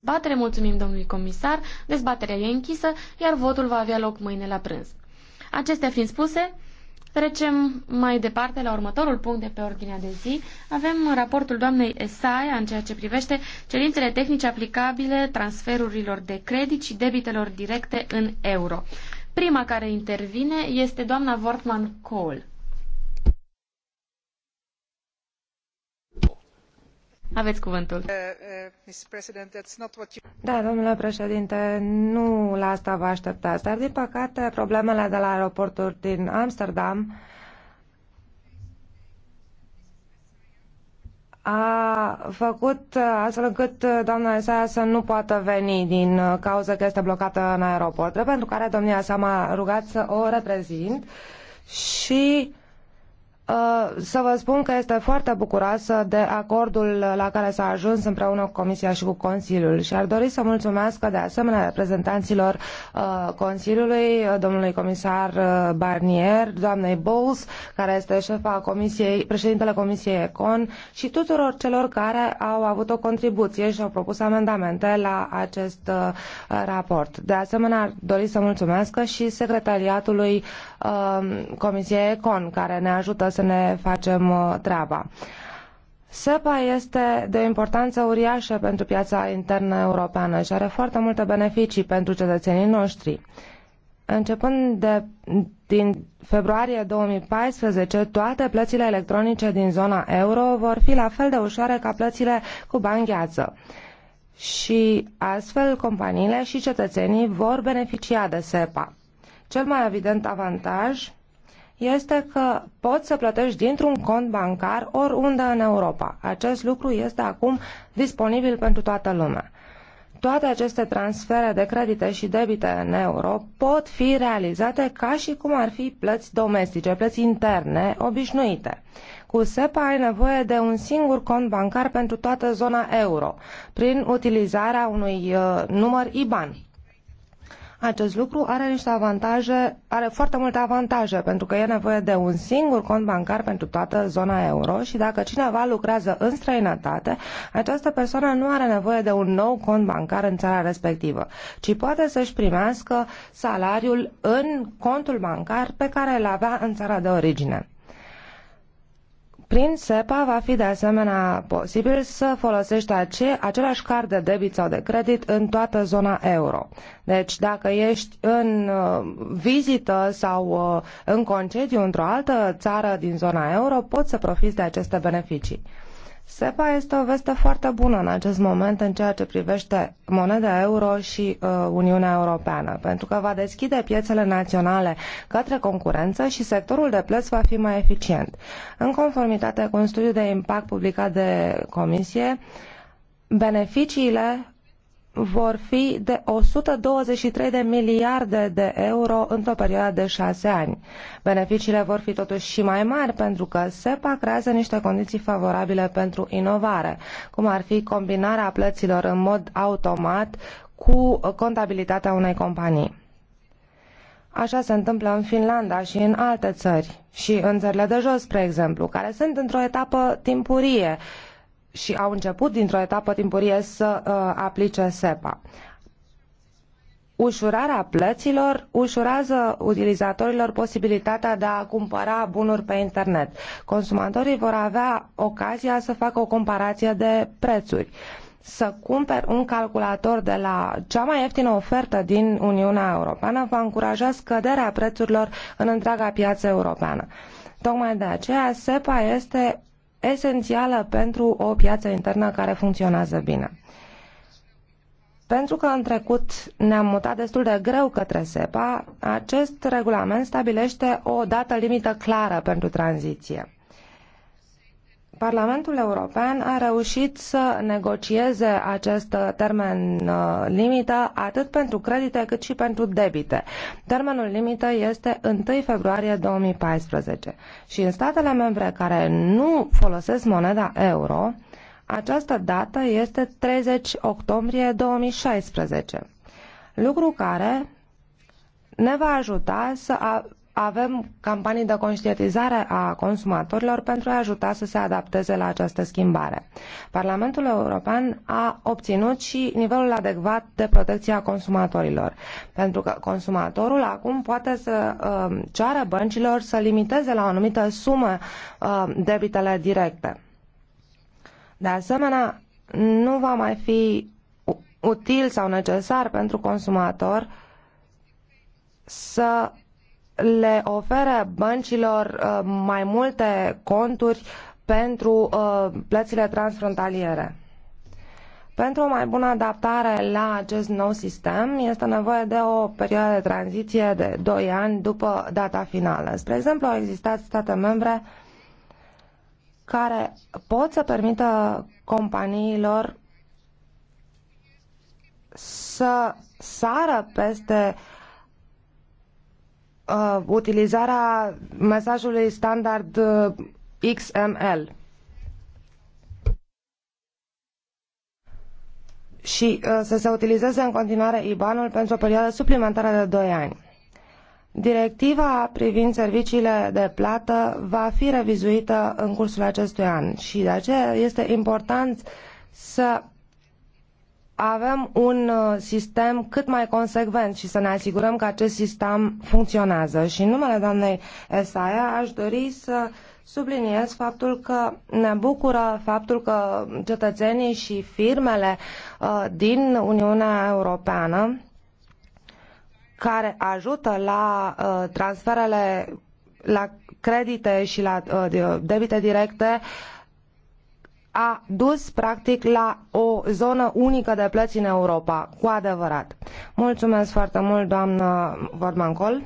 dezbatere. Mulțumim domnului comisar. Dezbaterea e închisă, iar votul va avea loc mâine la prânz. Acestea fiind spuse, trecem mai departe la următorul punct de pe ordinea de zi. Avem raportul doamnei Esaia în ceea ce privește cerințele tehnice aplicabile transferurilor de credit și debitelor directe în euro. Prima care intervine este doamna Wortman Cole. Uh, uh, da, domnule președinte, nu la asta vă așteptați, dar din păcate problemele de la aeroportul din Amsterdam a făcut astfel încât doamna Esaia să nu poată veni din cauza că este blocată în aeroport, pentru care domnia sa m-a rugat să o reprezint și Uh, să vă spun că este foarte bucuroasă de acordul la care s-a ajuns împreună cu Comisia și cu Consiliul și ar dori să mulțumesc de asemenea reprezentanților uh, Consiliului, uh, domnului comisar Barnier, doamnei Bowles, care este șefa Comisiei, președintele Comisiei Econ și tuturor celor care au avut o contribuție și au propus amendamente la acest raport. De asemenea, ar dori să mulțumesc și secretariatului Comisiei Econ, care ne ajută să ne facem uh, treaba. SEPA este de o importanță uriașă pentru piața internă europeană și are foarte multe beneficii pentru cetățenii noștri. Începând de, din februarie 2014, toate plățile electronice din zona euro vor fi la fel de ușoare ca plățile cu bani gheață. Și astfel companiile și cetățenii vor beneficia de SEPA. Cel mai evident avantaj este că poți să plătești dintr-un cont bancar oriunde în Europa. Acest lucru este acum disponibil pentru toată lumea. Toate aceste transfere de credite și debite în euro pot fi realizate ca și cum ar fi plăți domestice, plăți interne, obișnuite. Cu SEPA ai nevoie de un singur cont bancar pentru toată zona euro, prin utilizarea unui uh, număr IBAN. Acest lucru are niște avantaje, are foarte multe avantaje, pentru că e nevoie de un singur cont bancar pentru toată zona euro și dacă cineva lucrează în străinătate, această persoană nu are nevoie de un nou cont bancar în țara respectivă, ci poate să-și primească salariul în contul bancar pe care îl avea în țara de origine. Prin SEPA va fi de asemenea posibil să folosești ace- același card de debit sau de credit în toată zona euro. Deci dacă ești în uh, vizită sau uh, în concediu într-o altă țară din zona euro, poți să profiți de aceste beneficii. SEPA este o veste foarte bună în acest moment în ceea ce privește moneda euro și uh, Uniunea Europeană, pentru că va deschide piețele naționale către concurență și sectorul de plăți va fi mai eficient. În conformitate cu un studiu de impact publicat de Comisie, beneficiile vor fi de 123 de miliarde de euro într-o perioadă de șase ani. Beneficiile vor fi totuși și mai mari pentru că SEPA creează niște condiții favorabile pentru inovare, cum ar fi combinarea plăților în mod automat cu contabilitatea unei companii. Așa se întâmplă în Finlanda și în alte țări, și în țările de jos, spre exemplu, care sunt într-o etapă timpurie și au început dintr-o etapă timpurie să uh, aplice SEPA. Ușurarea plăților ușurează utilizatorilor posibilitatea de a cumpăra bunuri pe internet. Consumatorii vor avea ocazia să facă o comparație de prețuri să cumperi un calculator de la cea mai ieftină ofertă din Uniunea Europeană va încuraja scăderea prețurilor în întreaga piață europeană. Tocmai de aceea SEPA este esențială pentru o piață internă care funcționează bine. Pentru că în trecut ne-am mutat destul de greu către SEPA, acest regulament stabilește o dată limită clară pentru tranziție. Parlamentul European a reușit să negocieze acest termen uh, limită atât pentru credite cât și pentru debite. Termenul limită este 1 februarie 2014 și în statele membre care nu folosesc moneda euro, această dată este 30 octombrie 2016, lucru care ne va ajuta să avem campanii de conștientizare a consumatorilor pentru a ajuta să se adapteze la această schimbare. Parlamentul European a obținut și nivelul adecvat de protecție a consumatorilor, pentru că consumatorul acum poate să uh, ceară băncilor să limiteze la o anumită sumă uh, debitele directe. De asemenea, nu va mai fi util sau necesar pentru consumator să le oferă băncilor uh, mai multe conturi pentru uh, plățile transfrontaliere. Pentru o mai bună adaptare la acest nou sistem este nevoie de o perioadă de tranziție de 2 ani după data finală. Spre exemplu, au existat state membre care pot să permită companiilor să sară peste uh, uh, utilizarea mesajului standard uh, XML. și uh, să se utilizeze în continuare IBAN-ul pentru o perioadă suplimentară de 2 ani. Directiva privind serviciile de plată va fi revizuită în cursul acestui an și de aceea este important să avem un uh, sistem cât mai consecvent și să ne asigurăm că acest sistem funcționează. Și în numele doamnei Esaia aș dori să subliniez faptul că ne bucură faptul că cetățenii și firmele uh, din Uniunea Europeană care ajută la uh, transferele la credite și la debite directe a dus practic la o zonă unică de plăți în Europa, cu adevărat. Mulțumesc foarte mult, doamnă Vormancol.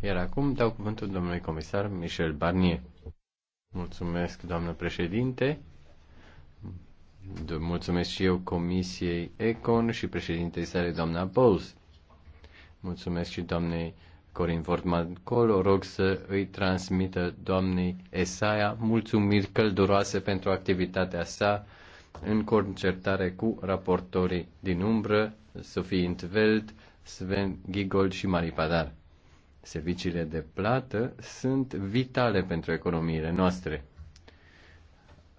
Iar acum dau cuvântul domnului comisar Michel Barnier. Mulțumesc, doamnă președinte. Mulțumesc și eu Comisiei Econ și președintei sale, doamna Bowles. Mulțumesc și doamnei Corin Vortman colo rog să îi transmită doamnei Esaia mulțumiri călduroase pentru activitatea sa în concertare cu raportorii din umbră, Sofie Intveld, Sven Gigol și Mari Padar. Serviciile de plată sunt vitale pentru economiile noastre.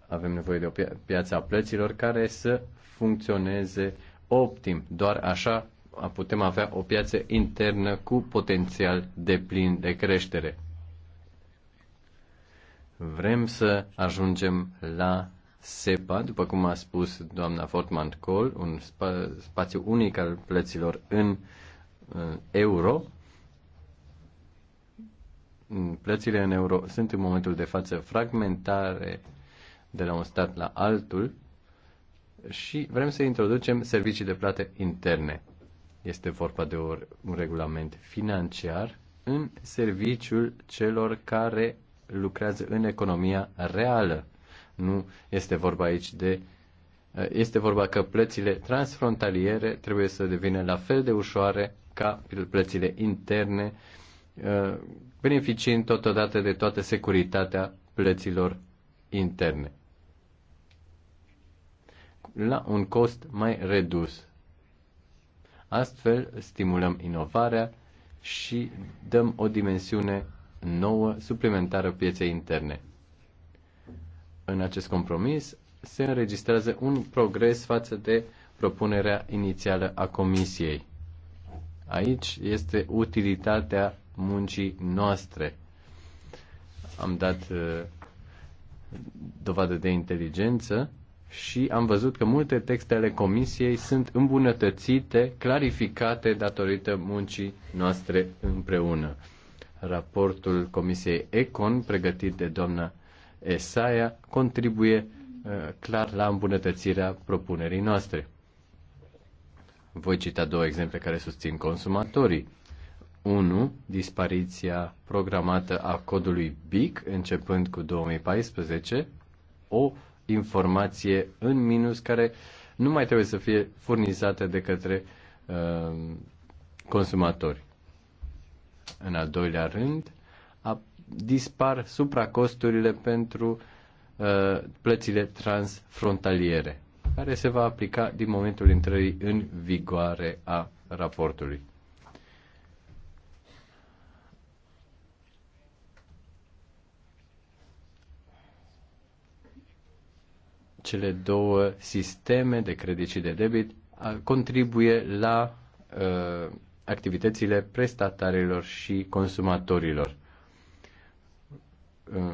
Avem nevoie de o pia- piață a plăților care să funcționeze optim. Doar așa putem avea o piață internă cu potențial de plin de creștere. Vrem să ajungem la SEPA, după cum a spus doamna Fortman Cole, un spa- spațiu unic al plăților în, în euro. Plățile în euro sunt în momentul de față fragmentare de la un stat la altul și vrem să introducem servicii de plate interne. Este vorba de un regulament financiar în serviciul celor care lucrează în economia reală. Nu este vorba aici de eh, este vorba că plățile transfrontaliere trebuie să devină la fel de ușoare ca plățile interne, eh, beneficiind totodată de toată securitatea plăților interne la un cost mai redus. Astfel, stimulăm inovarea și dăm o dimensiune nouă, suplimentară pieței interne. În acest compromis se înregistrează un progres față de propunerea inițială a Comisiei. Aici este utilitatea muncii noastre. Am dat uh, dovadă de inteligență și am văzut că multe texte ale comisiei sunt îmbunătățite, clarificate datorită muncii noastre împreună. Raportul comisiei Econ, pregătit de doamna Esaia, contribuie uh, clar la îmbunătățirea propunerii noastre. Voi cita două exemple care susțin consumatorii. 1. Dispariția programată a codului BIC începând cu 2014, o informație în minus care nu mai trebuie să fie furnizate de către uh, consumatori. În al doilea rând, a, dispar supracosturile pentru uh, plățile transfrontaliere, care se va aplica din momentul intrării în vigoare a raportului. cele două sisteme de credit și de debit contribuie la uh, activitățile prestatarilor și consumatorilor. Uh,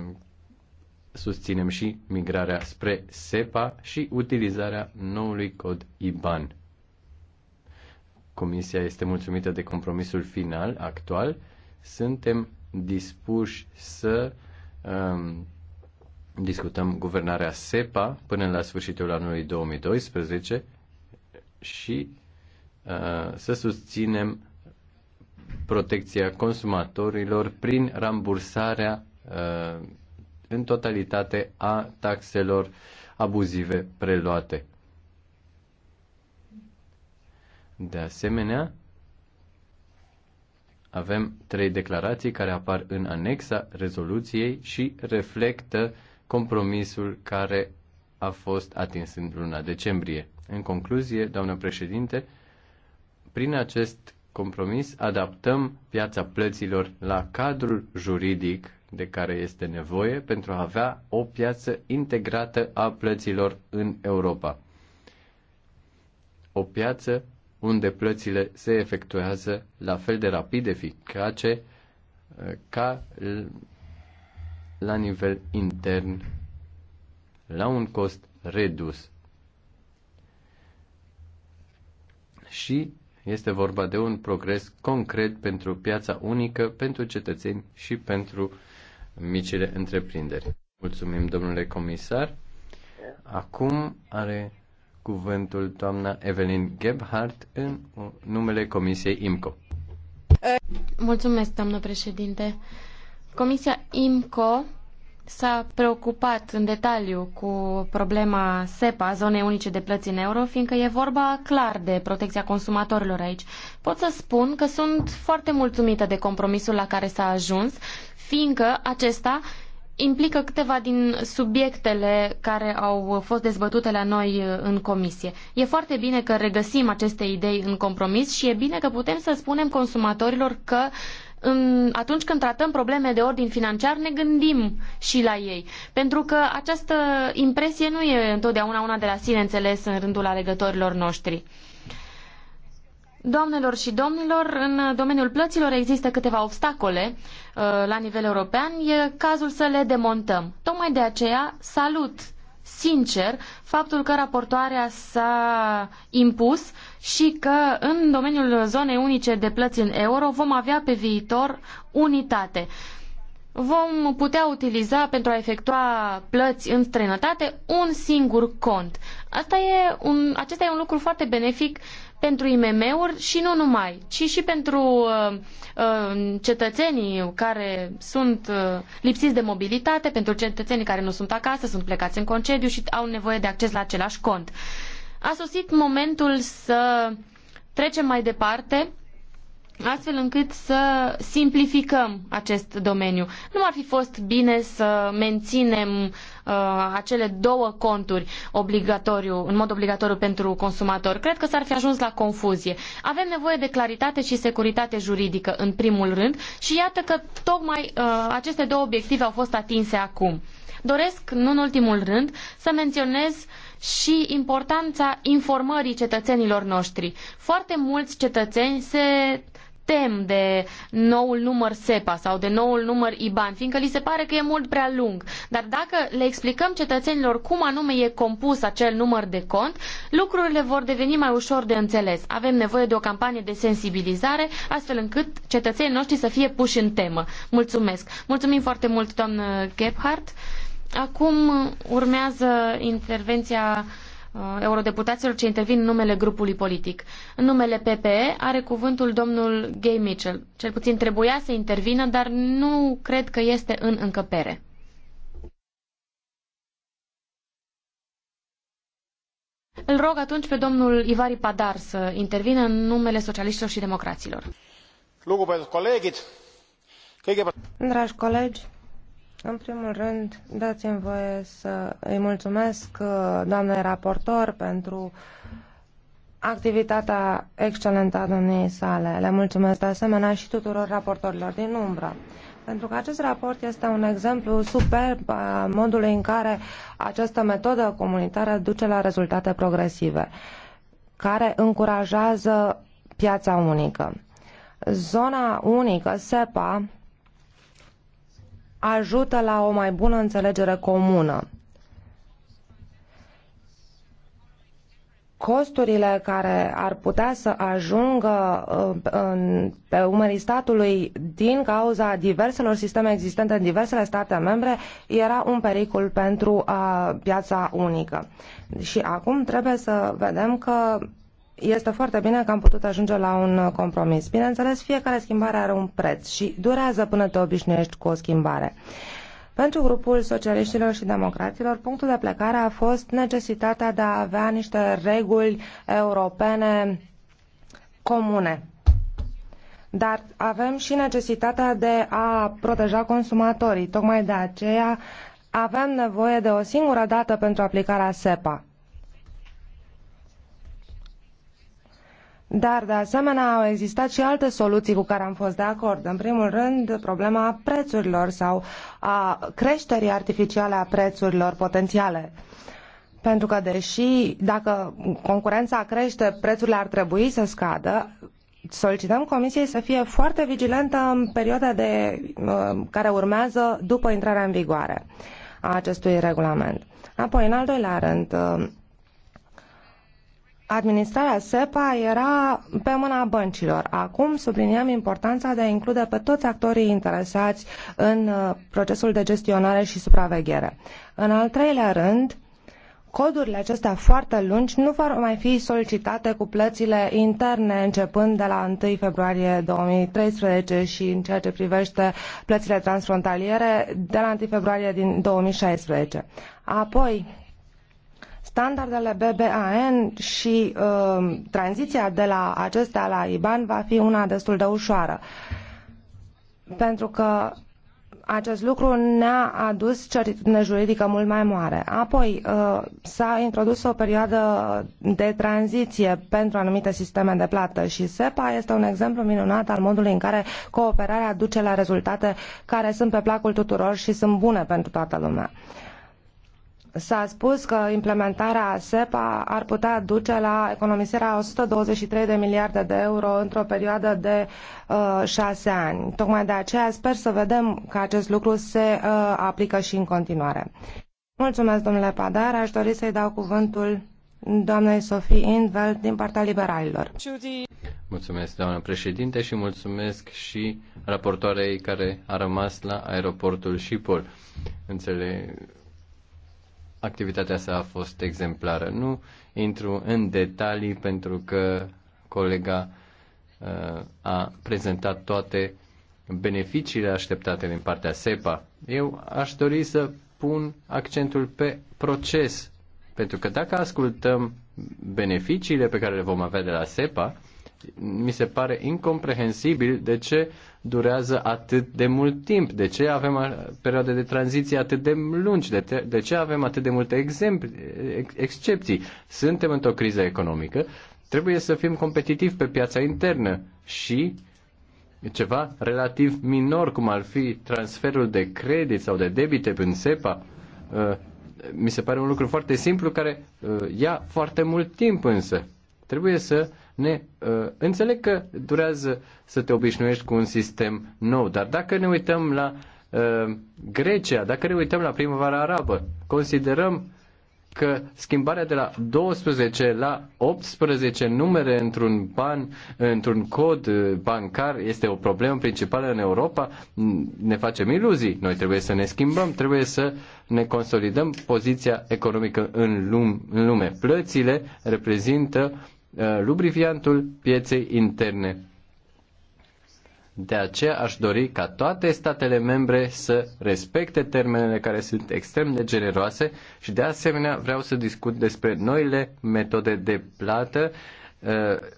susținem și migrarea spre SEPA și utilizarea noului cod IBAN. Comisia este mulțumită de compromisul final actual. Suntem dispuși să um, discutăm guvernarea SEPA până la sfârșitul anului 2012 și uh, să susținem protecția consumatorilor prin rambursarea uh, în totalitate a taxelor abuzive preluate. De asemenea, avem trei declarații care apar în anexa rezoluției și reflectă uh, compromisul care a fost atins în luna decembrie. În concluzie, doamnă președinte, prin acest compromis adaptăm piața plăților la cadrul juridic de care este nevoie pentru a avea o piață integrată a plăților în Europa. O piață unde plățile se efectuează la fel de rapid, eficace, eh, ca la nivel intern la un cost redus. Și este vorba de un progres concret pentru piața unică, pentru cetățeni și pentru micile întreprinderi. Mulțumim, domnule comisar. Acum are cuvântul doamna Evelyn Gebhardt în numele Comisiei IMCO. Mulțumesc, doamnă președinte. Comisia IMCO s-a preocupat în detaliu cu problema SEPA, zonei unice de plăți în euro, fiindcă e vorba clar de protecția consumatorilor aici. Pot să spun că sunt foarte mulțumită de compromisul la care s-a ajuns, fiindcă acesta implică câteva din subiectele care au fost dezbătute la noi în comisie. E foarte bine că regăsim aceste idei în compromis și e bine că putem să spunem consumatorilor că uh, atunci când tratăm probleme de ordin financiar, ne gândim și la ei. Pentru că această impresie nu e întotdeauna una de la sine înțeles în rândul alegătorilor noștri. Doamnelor și domnilor, în domeniul plăților există câteva obstacole uh, la nivel european. E cazul să le demontăm. Tocmai de aceea salut sincer faptul că raportoarea s-a impus și că în domeniul zonei unice de plăți în euro vom avea pe viitor unitate. Vom putea utiliza pentru a efectua plăți în străinătate un singur cont. Asta e un, acesta e un lucru foarte benefic pentru IMM-uri și nu numai, ci și pentru uh, uh, cetățenii care sunt uh, lipsiți de mobilitate, pentru cetățenii care nu sunt acasă, sunt plecați în concediu și au nevoie de acces la același cont. Uh, a sosit momentul să trecem mai departe astfel încât să simplificăm acest domeniu. Nu ar fi fost bine să menținem uh, acele două conturi obligatoriu, în mod obligatoriu pentru consumator. Cred că s-ar fi ajuns la confuzie. Avem nevoie de claritate și securitate juridică în primul rând și iată că tocmai uh, aceste două obiective au fost atinse acum. Doresc, nu în ultimul rând, să menționez uh, și importanța informării cetățenilor noștri. Foarte mulți cetățeni se tem de noul număr SEPA sau de noul număr IBAN, fiindcă li se pare că e mult prea lung. Dar dacă le explicăm cetățenilor cum anume e compus acel număr de cont, lucrurile vor deveni mai ușor de înțeles. Avem nevoie de o campanie de sensibilizare, astfel încât cetățenii noștri să fie puși în temă. Mulțumesc! Mulțumim foarte mult, doamnă Gebhardt! Acum urmează intervenția uh, eurodeputaților ce intervin în numele grupului politic. În numele PPE are cuvântul domnul Gay Mitchell. Cel puțin trebuia să intervină, dar nu cred că este în încăpere. Îl rog atunci pe domnul Ivari Padar să intervină în numele socialiștilor și democraților. Dragi colegi, în primul rând, dați-mi voie să îi mulțumesc uh, doamnei raportor pentru activitatea excelentă a domniei sale. Le mulțumesc de asemenea și tuturor raportorilor din umbră. Pentru că acest raport este un exemplu superb a modului în care această metodă comunitară duce la rezultate progresive, care încurajează piața unică. Zona unică, SEPA, ajută la o mai bună înțelegere comună. costurile care ar putea să ajungă uh, pe umerii statului din cauza diverselor sisteme existente în diversele state membre era un pericol pentru uh, piața unică. Și acum trebuie să vedem că este foarte bine că am putut ajunge la un uh, compromis. Bineînțeles, fiecare schimbare are un preț și durează până te obișnuiești cu o schimbare. Pentru grupul socialiștilor și democraților, punctul de plecare a fost necesitatea de a avea niște reguli europene comune. Dar avem și necesitatea de a proteja consumatorii. Tocmai de aceea avem nevoie de o singură dată pentru aplicarea SEPA Dar, de asemenea, au existat și alte soluții cu care am fost de acord. În primul rând, problema prețurilor sau a creșterii artificiale a prețurilor potențiale. Pentru că, deși dacă concurența crește, prețurile ar trebui să scadă, solicităm Comisiei să fie foarte vigilentă în perioada de, uh, care urmează după intrarea în vigoare a acestui regulament. Apoi, în al doilea rând, uh, administrarea SEPA era pe mâna băncilor. Acum subliniem importanța de a include pe toți actorii interesați în uh, procesul de gestionare și supraveghere. În al treilea rând, codurile acestea foarte lungi nu vor mai fi solicitate cu plățile interne începând de la 1 februarie 2013 și în ceea ce privește plățile transfrontaliere de la 1 februarie din 2016. Apoi, Standardele BBAN și uh, tranziția de la acestea la IBAN va fi una destul de ușoară. Pentru că acest lucru ne-a adus certitudine juridică mult mai mare. Apoi uh, s-a introdus o perioadă de tranziție pentru anumite sisteme de plată și SEPA este un exemplu minunat al modului în care cooperarea duce la rezultate care sunt pe placul tuturor și sunt bune pentru toată lumea. S-a spus că implementarea SEPA ar putea duce la economisirea 123 de miliarde de euro într-o perioadă de uh, șase ani. Tocmai de aceea sper să vedem că acest lucru se uh, aplică și în continuare. Mulțumesc, domnule Padar. Aș dori să-i dau cuvântul doamnei Sofie Invelt din partea liberalilor. Mulțumesc, doamnă președinte, și mulțumesc și raportoarei care a rămas la aeroportul Schiphol. Înțeleg activitatea sa a fost exemplară. Nu intru în detalii pentru că colega uh, a prezentat toate beneficiile așteptate din partea SEPA. Eu aș dori să pun accentul pe proces, pentru că dacă ascultăm beneficiile pe care le vom avea de la SEPA, mi se pare incomprehensibil de ce durează atât de mult timp? De ce avem perioade de tranziție atât de lungi? De, te- de ce avem atât de multe exemple, excepții? Suntem într-o criză economică, trebuie să fim competitivi pe piața internă și ceva relativ minor, cum ar fi transferul de credit sau de debite prin SEPA, uh, mi se pare un lucru foarte simplu care uh, ia foarte mult timp însă. Trebuie să ne uh, înțeleg că durează să te obișnuiești cu un sistem nou, dar dacă ne uităm la uh, Grecia, dacă ne uităm la primăvara arabă, considerăm că schimbarea de la 12 la 18 numere într-un ban, într-un cod uh, bancar este o problemă principală în Europa, ne facem iluzii. Noi trebuie să ne schimbăm, trebuie să ne consolidăm poziția economică în lume. Plățile reprezintă Uh, lubrifiantul pieței interne. De aceea aș dori ca toate statele membre să respecte termenele care sunt extrem de generoase și de asemenea vreau să discut despre noile metode de plată. Uh,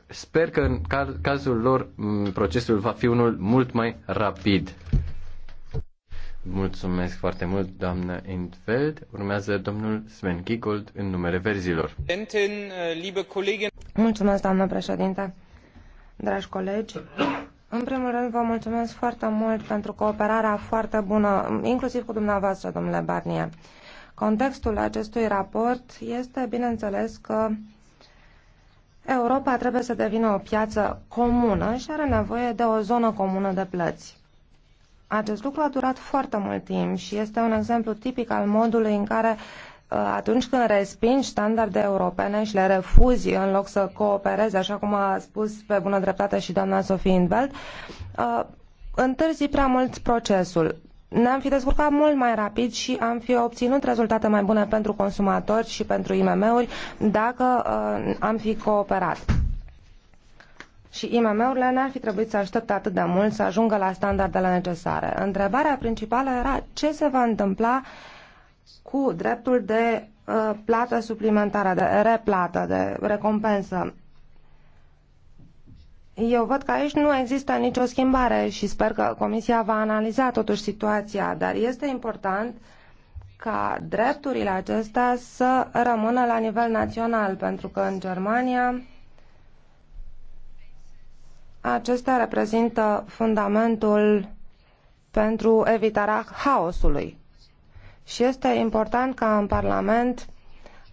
sper că în cazul lor procesul va fi unul mult mai rapid. Mulțumesc foarte mult, doamna Entfeld. Urmează domnul Sven Giegold în numele verzilor. Mulțumesc, doamnă președinte. Dragi colegi, în primul rând vă mulțumesc foarte mult pentru cooperarea foarte bună, inclusiv cu dumneavoastră, domnule Barnier. Contextul acestui raport este, bineînțeles, că Europa trebuie să devină o piață comună și are nevoie de o zonă comună de plăți. Acest lucru a durat foarte mult timp și este un exemplu tipic al modului în care uh, atunci când respingi standarde europene și le refuzi în loc să cooperezi, așa cum a spus pe bună dreptate și doamna Sofie Inveld, uh, întârzi prea mult procesul. Ne-am fi descurcat mult mai rapid și am fi obținut rezultate mai bune pentru consumatori și pentru IMM-uri dacă uh, am fi cooperat și IMM-urile n-ar fi trebuit să aștepte atât de mult să ajungă la standardele necesare. Întrebarea principală era ce se va întâmpla cu dreptul de uh, plată suplimentară, de replată, de recompensă. Eu văd că aici nu există nicio schimbare și sper că Comisia va analiza totuși situația, dar este important ca drepturile acestea să rămână la nivel național, pentru că în Germania Acestea reprezintă fundamentul pentru evitarea haosului. Și este important ca în Parlament,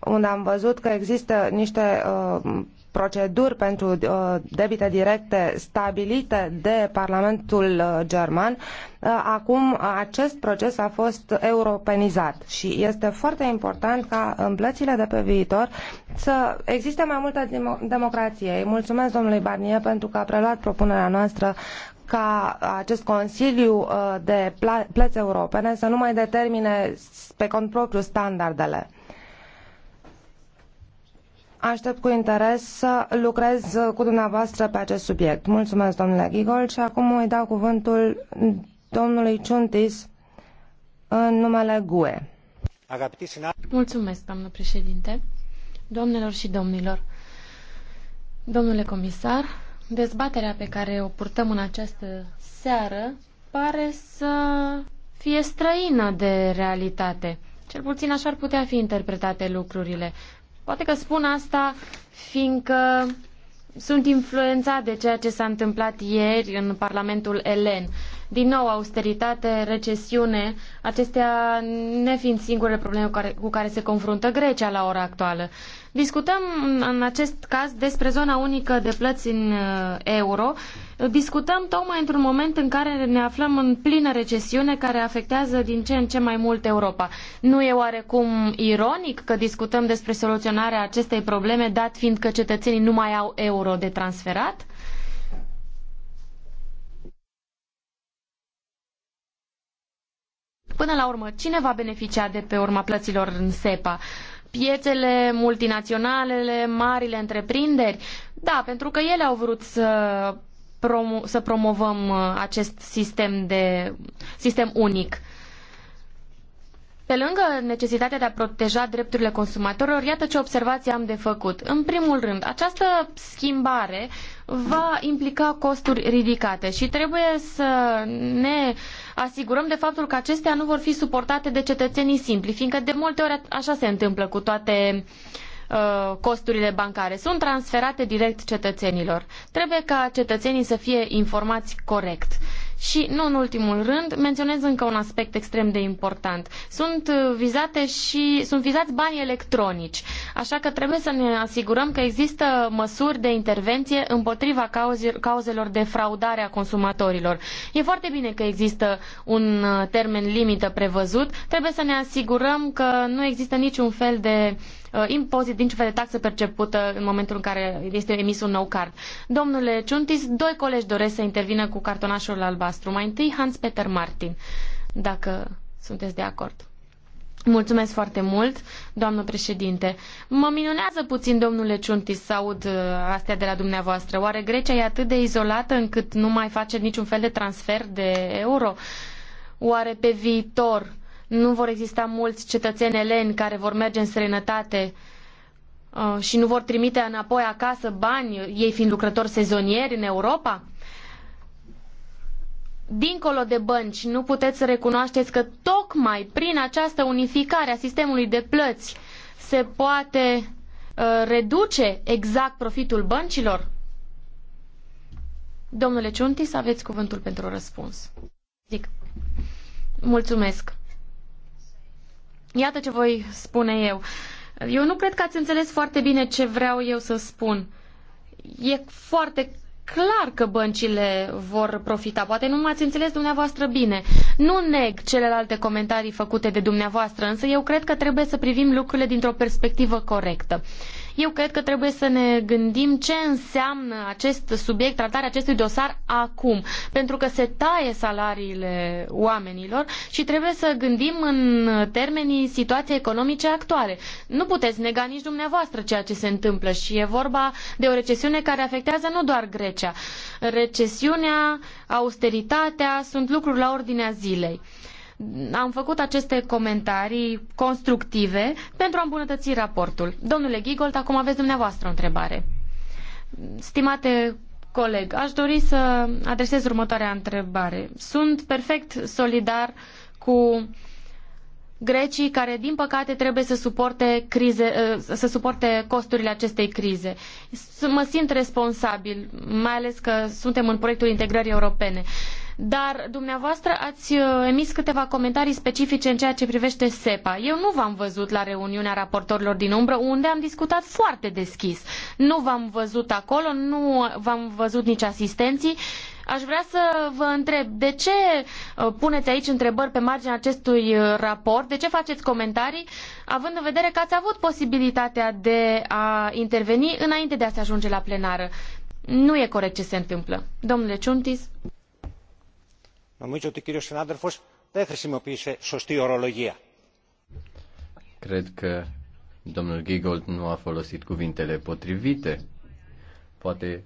unde am văzut că există niște uh, proceduri pentru uh, debite directe stabilite de Parlamentul uh, German, uh, acum acest proces a fost europenizat și este foarte important ca în plățile de pe viitor să existe mai multă democrație. Îi mulțumesc domnului Barnier pentru că a preluat propunerea noastră ca acest Consiliu de plăți europene să nu mai determine pe cont propriu standardele. Aștept cu interes să lucrez cu dumneavoastră pe acest subiect. Mulțumesc, domnule Gigol, și acum îi dau cuvântul domnului Ciuntis în numele GUE. Mulțumesc, doamnă președinte. Doamnelor și domnilor, domnule comisar, dezbaterea pe care o purtăm în această seară pare să fie străină de realitate. Cel puțin așa ar putea fi interpretate lucrurile. Poate că spun asta fiindcă sunt influențat de ceea ce s-a întâmplat ieri în Parlamentul Elen. Din nou, austeritate, recesiune, acestea ne fiind singurele probleme cu care, cu care se confruntă Grecia la ora actuală. Discutăm în acest caz despre zona unică de plăți în uh, euro. Discutăm tocmai într-un moment în care ne aflăm în plină recesiune care afectează din ce în ce mai mult Europa. Nu e oarecum ironic că discutăm despre soluționarea acestei probleme, dat fiind că cetățenii nu mai au euro de transferat? Până la urmă, cine va beneficia de pe urma plăților în SEPA? piețele multinaționalele, marile întreprinderi? Da, pentru că ele au vrut să să promovăm uh, acest sistem de sistem unic. Pe lângă necesitatea de a proteja drepturile consumatorilor, iată ce observații am de făcut. În primul rând, această schimbare va implica costuri ridicate și trebuie să ne asigurăm de faptul că acestea nu vor fi suportate de cetățenii simpli, fiindcă de multe ori așa se întâmplă cu toate uh, costurile bancare sunt transferate direct cetățenilor. Trebuie ca cetățenii să fie informați corect. Uh, și, nu în ultimul rând, menționez încă un aspect extrem de important. Sunt uh, vizate și sunt vizați banii electronici, așa că trebuie să ne asigurăm că există măsuri de intervenție împotriva cauzelor de fraudare a consumatorilor. E foarte bine că există un uh, termen limită prevăzut. Trebuie să ne asigurăm că nu există niciun fel de uh, Uh, impozit din cifre de taxă percepută în momentul în care este emis un nou card. Domnule Ciuntis, doi colegi doresc să intervină cu cartonașul albastru. Mai întâi Hans-Peter Martin, dacă sunteți de acord. Mulțumesc foarte mult, doamnă președinte. Mă minunează puțin, domnule Ciuntis, să aud uh, astea de la dumneavoastră. Oare Grecia e atât de izolată încât nu mai face niciun fel de transfer de euro? Oare pe viitor nu vor exista mulți cetățeni eleni care vor merge în străinătate uh, și nu vor trimite înapoi acasă bani, ei fiind lucrători sezonieri în Europa? Dincolo de bănci, nu puteți să recunoașteți că tocmai prin această unificare a sistemului de plăți se poate uh, reduce exact profitul băncilor? Domnule Ciuntis, aveți cuvântul pentru răspuns. Zic. Mulțumesc. Iată ce voi spune eu. Eu nu cred că ați înțeles foarte bine ce vreau eu să spun. E foarte clar că băncile vor profita. Poate nu m-ați înțeles dumneavoastră bine. Nu neg celelalte comentarii făcute de dumneavoastră, însă eu cred că trebuie să privim lucrurile dintr-o perspectivă corectă. Uh, eu cred că trebuie să ne gândim ce înseamnă acest subiect, tratarea acestui dosar acum, pentru că se taie salariile oamenilor și trebuie să gândim în termenii situației economice actuale. Nu puteți nega nici dumneavoastră ceea ce se întâmplă și e vorba de o recesiune care afectează nu doar Grecia. Recesiunea, austeritatea sunt lucruri la ordinea zilei am făcut aceste comentarii constructive pentru a îmbunătăți raportul. Domnule Gigold, acum aveți dumneavoastră o întrebare. Stimate coleg, aș dori să adresez următoarea întrebare. Sunt perfect solidar cu grecii care, din păcate, trebuie să suporte, crize, ă, să suporte costurile acestei crize. Mă simt responsabil, mai ales că suntem în proiectul integrării europene dar dumneavoastră ați uh, emis câteva comentarii specifice în ceea ce privește SEPA. Eu nu v-am văzut la reuniunea raportorilor din umbră, unde am discutat foarte deschis. Nu v-am văzut acolo, nu v-am văzut nici asistenții. Aș vrea să vă întreb, de ce uh, puneți aici întrebări pe marginea acestui uh, raport? De ce faceți comentarii, având în vedere că ați avut posibilitatea de a interveni înainte de a se ajunge la plenară? Nu e corect ce se întâmplă. Domnule Ciuntis. Νομίζω ότι ο κύριος συνάδελφος δεν χρησιμοποίησε σωστή ορολογία. Cred că domnul Giegold nu a folosit cuvintele potrivite. Poate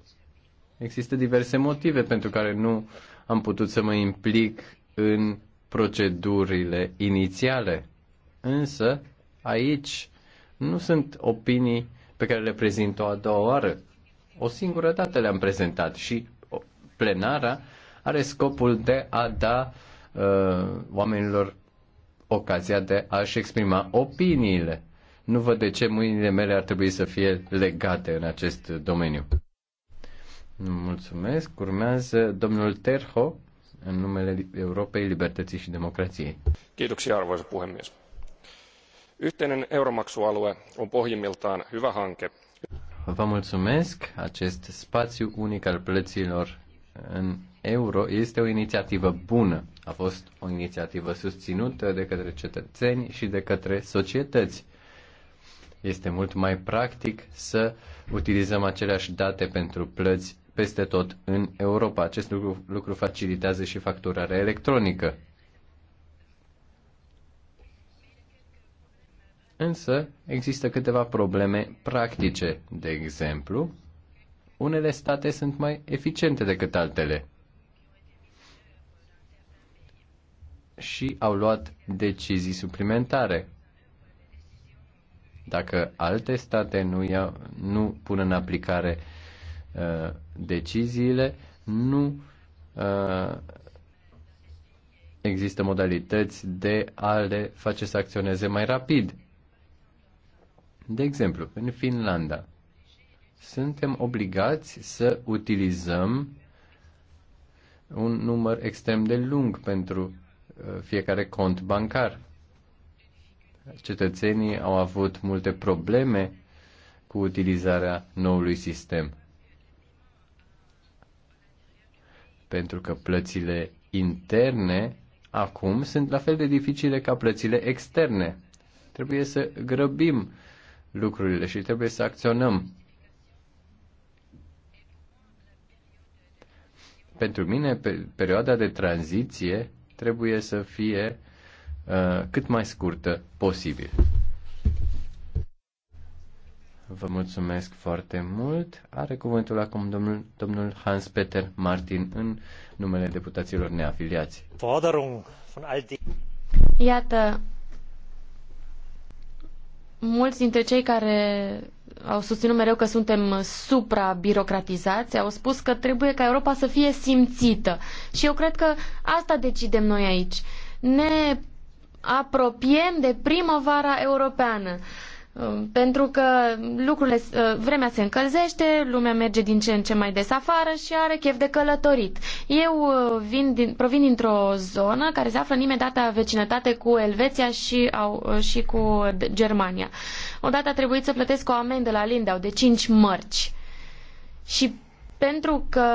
există diverse motive pentru care nu am putut să mă implic în procedurile inițiale. Însă, aici nu sunt opinii pe care le prezint o a doua oară. O singură dată le-am prezentat și plenara are scopul de a da uh, oamenilor ocazia de a-și exprima opiniile. Nu văd de ce mâinile mele ar trebui să fie legate în acest domeniu. Mulțumesc. Urmează domnul Terho în numele Europei Libertății și Democrației. Kiitoksia, arvoisa puhemies. Yhteinen euromaksualue on pohjimmiltaan hyvä hanke. Vă mulțumesc. Acest spațiu unic al plăților în euro este o inițiativă bună. A fost o inițiativă susținută de către cetățeni și de către societăți. Este mult mai practic să utilizăm aceleași date pentru plăți peste tot în Europa. Acest lucru, lucru facilitează și facturarea electronică. Însă există câteva probleme practice. De exemplu, unele state sunt mai eficiente decât altele. și au luat decizii suplimentare. Dacă alte state nu, ia, nu pun în aplicare uh, deciziile, nu uh, există modalități de a le face să acționeze mai rapid. De exemplu, în Finlanda, suntem obligați să utilizăm un număr extrem de lung pentru fiecare cont bancar. Cetățenii au avut multe probleme cu utilizarea noului sistem. Pentru că plățile interne acum sunt la fel de dificile ca plățile externe. Trebuie să grăbim lucrurile și trebuie să acționăm. Pentru mine, pe, perioada de tranziție trebuie să fie uh, cât mai scurtă posibil. Vă mulțumesc foarte mult. Are cuvântul acum domnul, domnul Hans-Peter Martin în numele deputaților neafiliați. Iată Mulți dintre cei care au susținut mereu că suntem supra-birocratizați, au spus că trebuie ca Europa să fie simțită. Și eu cred că asta decidem noi aici. Ne apropiem de primăvara europeană. Uh, Um, pentru că lucrurile, uh, vremea se încălzește, lumea merge din ce în ce mai des afară și are chef de călătorit. Eu uh, vin din, provin dintr-o zonă care se află în imediata vecinătate cu Elveția și, au, uh, și cu Germania. Odată a trebuit să plătesc o amendă la Lindau de 5 mărci. Și pentru că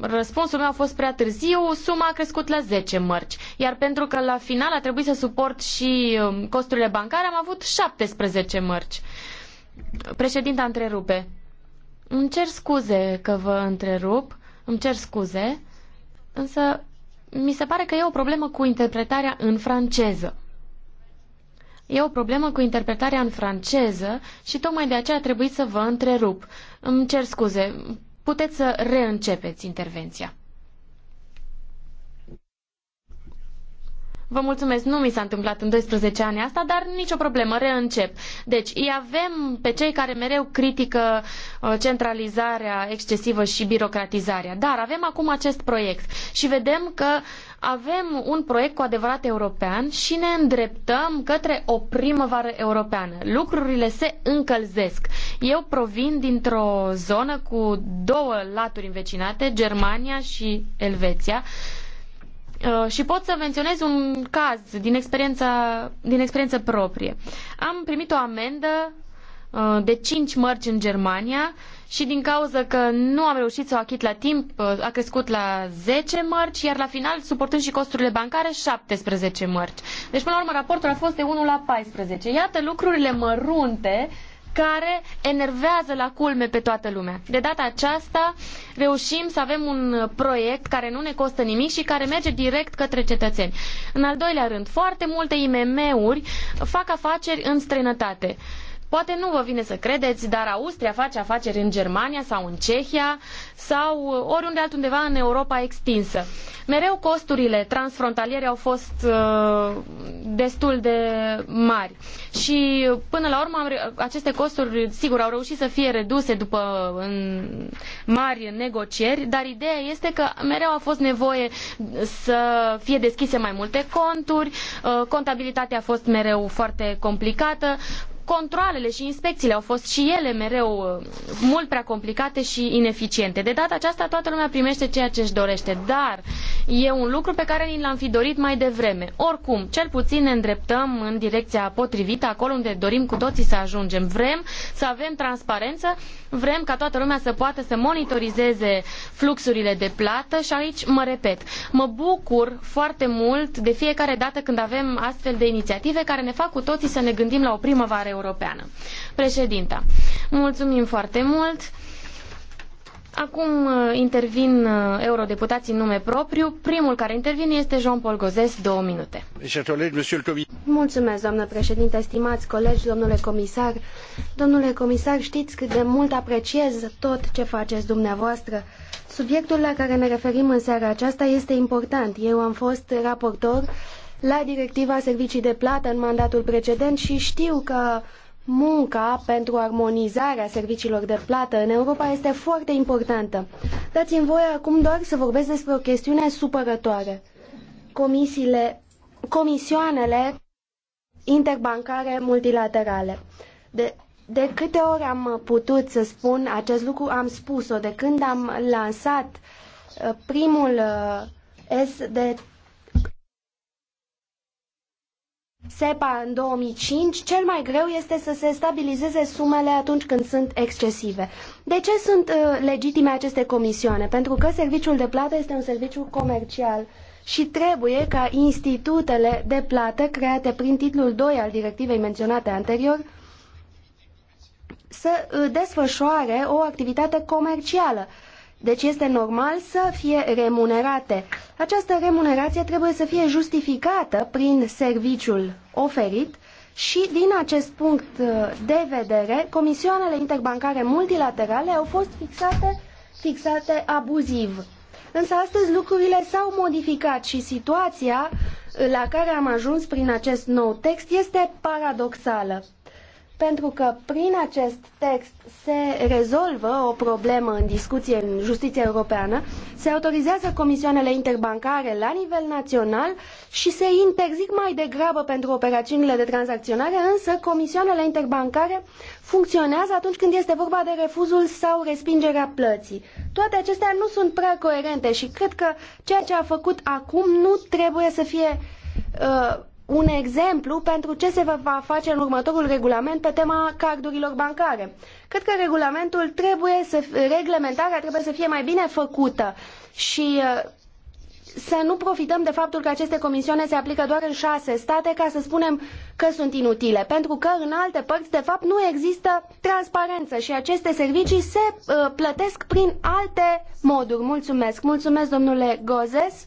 răspunsul meu a fost prea târziu, suma a crescut la 10 mărci. Iar pentru că la final a trebuit să suport și um, costurile bancare, am avut 17 mărci. Președinta întrerupe. Îmi cer scuze că vă întrerup, îmi cer scuze, însă mi se pare că e o problemă cu interpretarea în franceză. E o problemă cu interpretarea în franceză și tocmai de aceea a trebuit să vă întrerup. Îmi cer scuze puteți să reîncepeți intervenția. Vă mulțumesc, nu mi s-a întâmplat în 12 ani asta, dar nicio problemă, reîncep. Deci, îi avem pe cei care mereu critică uh, centralizarea excesivă și birocratizarea. Dar avem acum acest proiect și vedem că avem un proiect cu adevărat european și ne îndreptăm către o primăvară europeană. Lucrurile se încălzesc. Eu provin dintr-o zonă cu două laturi învecinate, Germania și Elveția, Uh, și pot să menționez un caz din experiența, din experiență proprie. Am primit o amendă uh, de cinci mărci în Germania și din cauza că nu am reușit să o achit la timp, uh, a crescut la 10 mărci, iar la final, suportând și costurile bancare, 17 mărci. Deci, până la urmă, raportul a fost de 1 la 14. Iată lucrurile mărunte uh, care enervează la culme pe toată lumea. De data aceasta reușim să avem un proiect care nu ne costă nimic și care merge direct către cetățeni. În al doilea rând, foarte multe IMM-uri fac afaceri în străinătate. Poate nu vă vine să credeți, dar Austria face afaceri în Germania sau în Cehia sau uh, oriunde altundeva în Europa extinsă. Mereu costurile transfrontaliere au fost uh, destul de mari și uh, până la urmă aceste costuri, sigur, au reușit să fie reduse după uh, în mari negocieri, dar ideea este că mereu a fost nevoie să fie deschise mai multe conturi, uh, contabilitatea a fost mereu foarte complicată, Controlele și inspecțiile au fost și ele mereu uh, mult prea complicate și ineficiente. De data aceasta toată lumea primește ceea ce își dorește, dar E un lucru pe care ni l-am fi dorit mai devreme. Oricum, cel puțin ne îndreptăm în direcția potrivită, acolo unde dorim cu toții să ajungem. Vrem să avem transparență, vrem ca toată lumea să poată să monitorizeze fluxurile de plată și aici mă repet, mă bucur foarte mult de fiecare dată când avem astfel de inițiative care ne fac cu toții să ne gândim la o primăvară europeană. Președinta, mulțumim foarte mult. Acum uh, intervin uh, eurodeputații în nume propriu. Primul care intervine este Jean-Paul Gozes, două minute. Mulțumesc, doamnă președinte, stimați colegi, domnule comisar. Domnule comisar, știți cât de mult apreciez tot ce faceți dumneavoastră. Subiectul la care ne referim în seara aceasta este important. Eu am fost raportor la directiva servicii de plată în mandatul precedent și știu că Munca pentru armonizarea serviciilor de plată în Europa este foarte importantă. Dați-mi voie acum doar să vorbesc despre o chestiune supărătoare. Comisiile, comisioanele interbancare multilaterale. De, de câte ori am putut să spun acest lucru, am spus-o. De când am lansat uh, primul uh, S SEPA în 2005, cel mai greu este să se stabilizeze sumele atunci când sunt excesive. De ce sunt uh, legitime aceste comisioane? Pentru că serviciul de plată este un serviciu comercial și trebuie ca institutele de plată create prin titlul 2 al directivei menționate anterior să uh, desfășoare o activitate comercială. Deci este normal să fie remunerate această remunerație trebuie să fie justificată prin serviciul oferit și din acest punct uh, de vedere, comisioanele interbancare multilaterale au fost fixate, fixate abuziv. Însă astăzi lucrurile s-au modificat și situația la care am ajuns prin acest nou text este paradoxală pentru că prin acest text se rezolvă o problemă în discuție în justiția europeană, se autorizează comisioanele interbancare la nivel național și se interzic mai degrabă pentru operațiunile de tranzacționare, însă comisioanele interbancare funcționează atunci când este vorba de refuzul sau respingerea plății. Toate acestea nu sunt prea coerente și cred că ceea ce a făcut acum nu trebuie să fie uh, un exemplu pentru ce se va face în următorul regulament pe tema cardurilor bancare. Cred că regulamentul trebuie să, reglementarea trebuie să fie mai bine făcută și uh, să nu profităm de faptul că aceste comisioane se aplică doar în șase state ca să spunem că sunt inutile, pentru că în alte părți, de fapt, nu există transparență și aceste servicii se uh, plătesc prin alte moduri. Mulțumesc! Mulțumesc, domnule Gozes!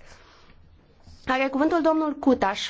Are cuvântul domnul Cutaș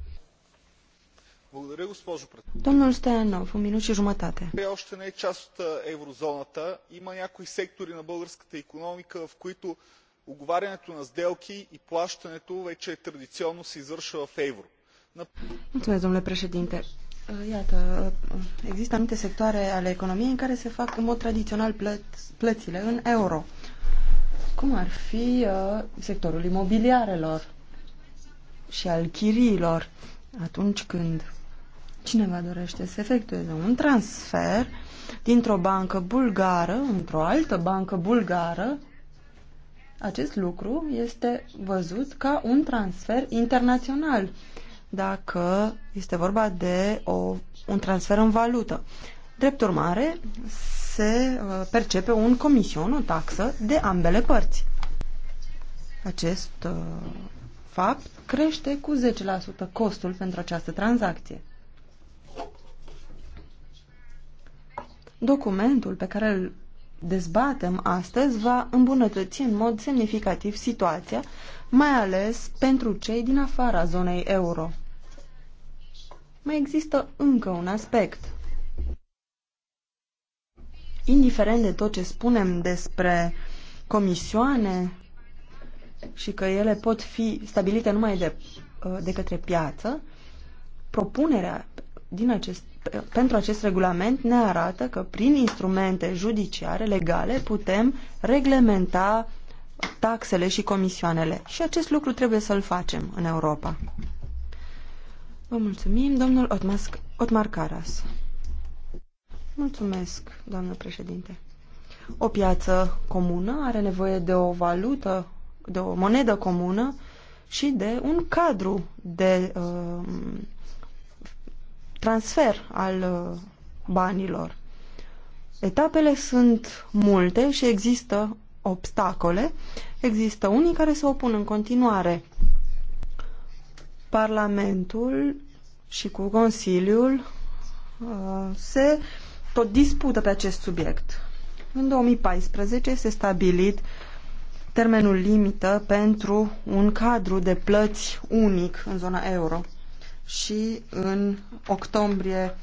Все още не е част от еврозоната. Има някои сектори на българската икономика в които уговарянето на сделки и плащането вече традиционно се извършва в евро. domnule președinte. Iată, există anumite sectoare ale economiei în care se fac în mod tradițional plățile în euro. Cum ar fi sectorul imobiliarelor și al chiriilor atunci când Cineva dorește să efectueze un transfer dintr-o bancă bulgară într-o altă bancă bulgară, acest lucru este văzut ca un transfer internațional, dacă este vorba de o, un transfer în valută. Drept urmare, se uh, percepe un comision, o taxă de ambele părți. Acest uh, fapt crește cu 10% costul pentru această tranzacție. documentul pe care îl dezbatem astăzi va îmbunătăți în mod semnificativ situația, mai ales pentru cei din afara zonei euro. Mai există încă un aspect. Indiferent de tot ce spunem despre comisioane și că ele pot fi stabilite numai de, uh, de către piață, propunerea din acest pentru acest regulament ne arată că prin instrumente judiciare legale putem reglementa taxele și comisioanele. Și acest lucru trebuie să-l facem în Europa. Vă mulțumim, domnul Otmasc, Otmar Caras. Mulțumesc, doamnă președinte. O piață comună are nevoie de o valută, de o monedă comună și de un cadru de uh, transfer al uh, banilor. Etapele sunt multe și există obstacole. Există unii care se opun în continuare. Parlamentul și cu Consiliul uh, se tot dispută pe acest subiect. În 2014 este stabilit termenul limită pentru un cadru de plăți unic în zona euro și în octombrie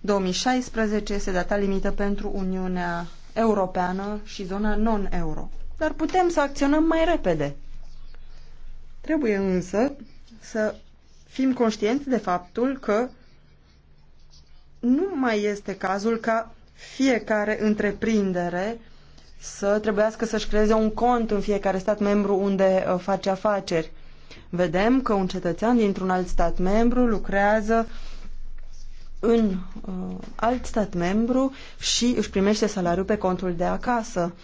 2016 este data limită pentru Uniunea Europeană și zona non-euro. Dar putem să acționăm mai repede. Trebuie însă să fim conștienți de faptul că nu mai este cazul ca fiecare întreprindere să trebuiască să-și creeze un cont în fiecare stat membru unde uh, face afaceri vedem că un cetățean dintr-un alt stat membru lucrează în uh, alt stat membru și își primește salariul pe contul de acasă.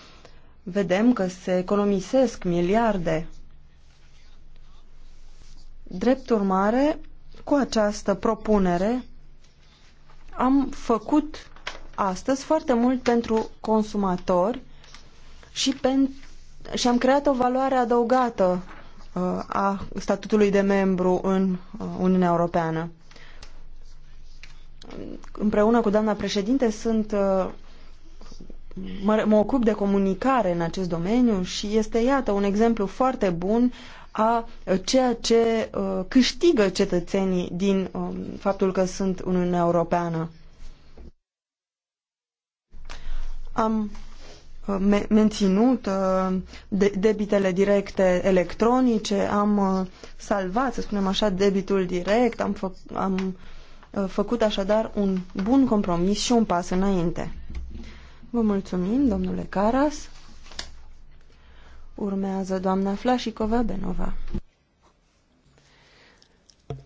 Vedem că se economisesc miliarde. Drept urmare, cu această propunere am făcut astăzi foarte mult pentru consumatori și, pen- și am creat o valoare adăugată Uh, a statutului de membru în uh, Uniunea Europeană. Împreună cu doamna președinte sunt uh, mă, mă ocup de comunicare în acest domeniu și este, iată, un exemplu foarte bun a ceea ce uh, câștigă cetățenii din uh, faptul că sunt în Uniunea Europeană. Am Uh, menținut uh, debitele directe electronice, am uh, salvat, să spunem așa, debitul direct, am, fă, am făcut așadar un bun compromis și un pas înainte. Vă mulțumim, domnule Caras. Urmează doamna Flașicova Benova.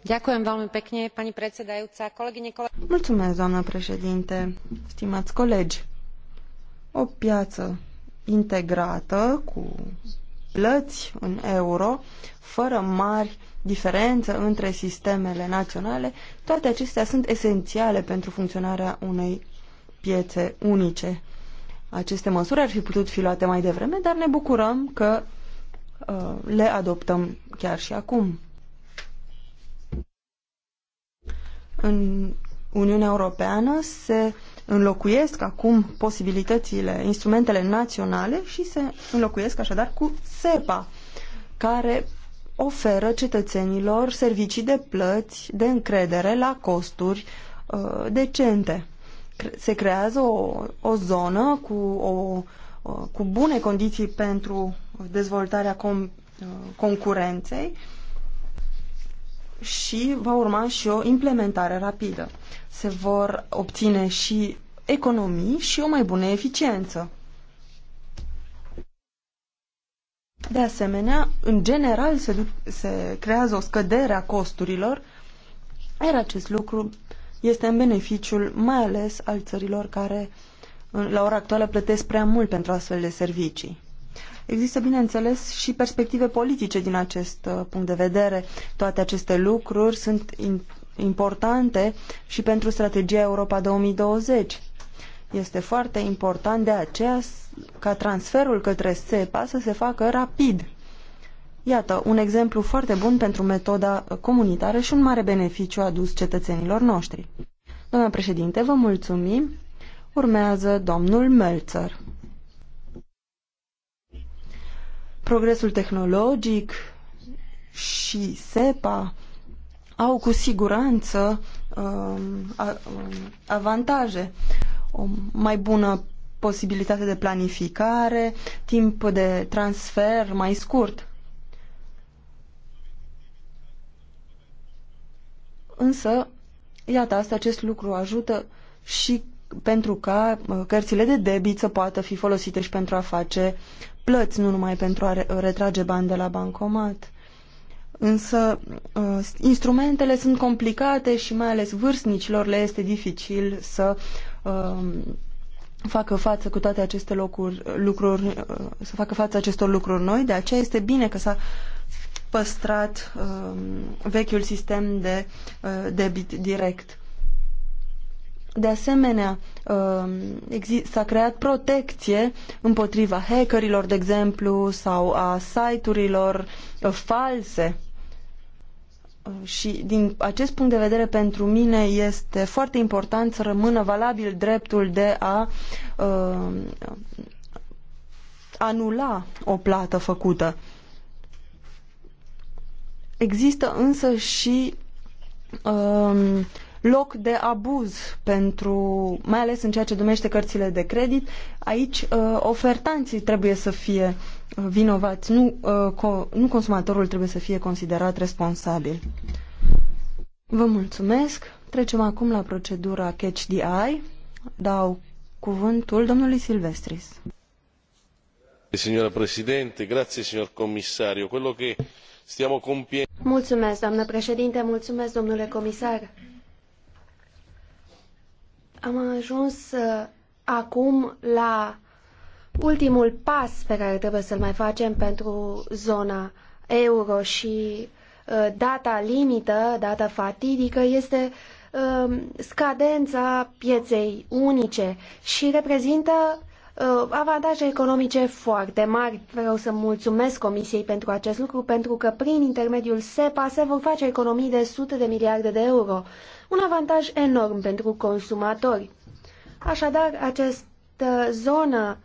Ďakujem veľmi pekne, pani predsedajúca. Kolegyne, Mulțumesc, doamnă președinte, stimați colegi o piață integrată cu plăți în euro, fără mari diferențe între sistemele naționale, toate acestea sunt esențiale pentru funcționarea unei piețe unice. Aceste măsuri ar fi putut fi luate mai devreme, dar ne bucurăm că uh, le adoptăm chiar și acum. În Uniunea Europeană se înlocuiesc acum posibilitățile, instrumentele naționale și se înlocuiesc așadar cu SEPA, care oferă cetățenilor servicii de plăți, de încredere la costuri uh, decente. Se creează o, o zonă cu, o, uh, cu bune condiții pentru dezvoltarea com, uh, concurenței uh, și va urma și o implementare rapidă. Se vor obține și economii și o mai bună eficiență. De asemenea, în general se, se creează o scădere a costurilor, iar acest lucru este în beneficiul mai ales al țărilor care la ora actuală plătesc prea mult pentru astfel de servicii. Există, bineînțeles, și perspective politice din acest uh, punct de vedere. Toate aceste lucruri sunt importante și pentru strategia Europa 2020. Este foarte important de aceea ca transferul către SEPA să se facă rapid. Iată, un exemplu foarte bun pentru metoda comunitară și un mare beneficiu adus cetățenilor noștri. Doamna președinte, vă mulțumim. Urmează domnul Melzer. Progresul tehnologic și SEPA au cu siguranță um, um, avantaje. O mai bună posibilitate de planificare, timp de transfer mai scurt. Însă, iată, asta, acest lucru ajută și pentru ca uh, cărțile de debit să poată fi folosite și pentru a face plăți, nu numai pentru a retrage bani de la bancomat. Însă uh, instrumentele sunt complicate și mai ales vârstnicilor le este dificil să um, facă față cu toate aceste locuri, lucruri, uh, să facă față acestor lucruri noi, de aceea este bine că s-a păstrat um, vechiul sistem de uh, debit direct de asemenea, um, s-a creat protecție împotriva hackerilor, de exemplu, sau a site-urilor uh, false. Uh, și din acest punct de vedere, pentru mine este foarte important să rămână valabil dreptul de a um, anula o plată făcută. Există însă și uh, loc de abuz pentru, mai ales în ceea ce numește cărțile de credit. Aici uh, ofertanții trebuie să fie uh, vinovați, nu, uh, nu consumatorul trebuie să fie considerat responsabil. Vă mulțumesc. Trecem acum la procedura Catch the Eye. Dau cuvântul domnului Silvestris. Signora Presidente, grazie signor Commissario. Quello che stiamo compiendo... Mulțumesc, doamnă președinte, mulțumesc, domnule comisar. Am ajuns uh, acum la ultimul pas pe care trebuie să-l mai facem pentru zona euro și uh, data limită, data fatidică, este uh, scadența pieței unice și reprezintă Uh, avantaje economice foarte mari. Vreau să mulțumesc Comisiei pentru acest lucru, pentru că prin intermediul SEPA se vor face economii de sute de miliarde de euro. Un avantaj enorm pentru consumatori. Așadar, această zonă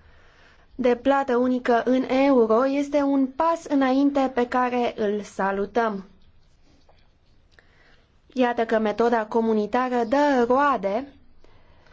de plată unică în euro este un pas înainte pe care îl salutăm. Iată că metoda comunitară dă roade